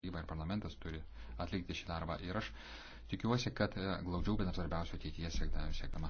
taryba ir parlamentas turi atlikti šį darbą. Ir aš tikiuosi, kad e, glaudžiau bendradarbiausiu ateityje siekdama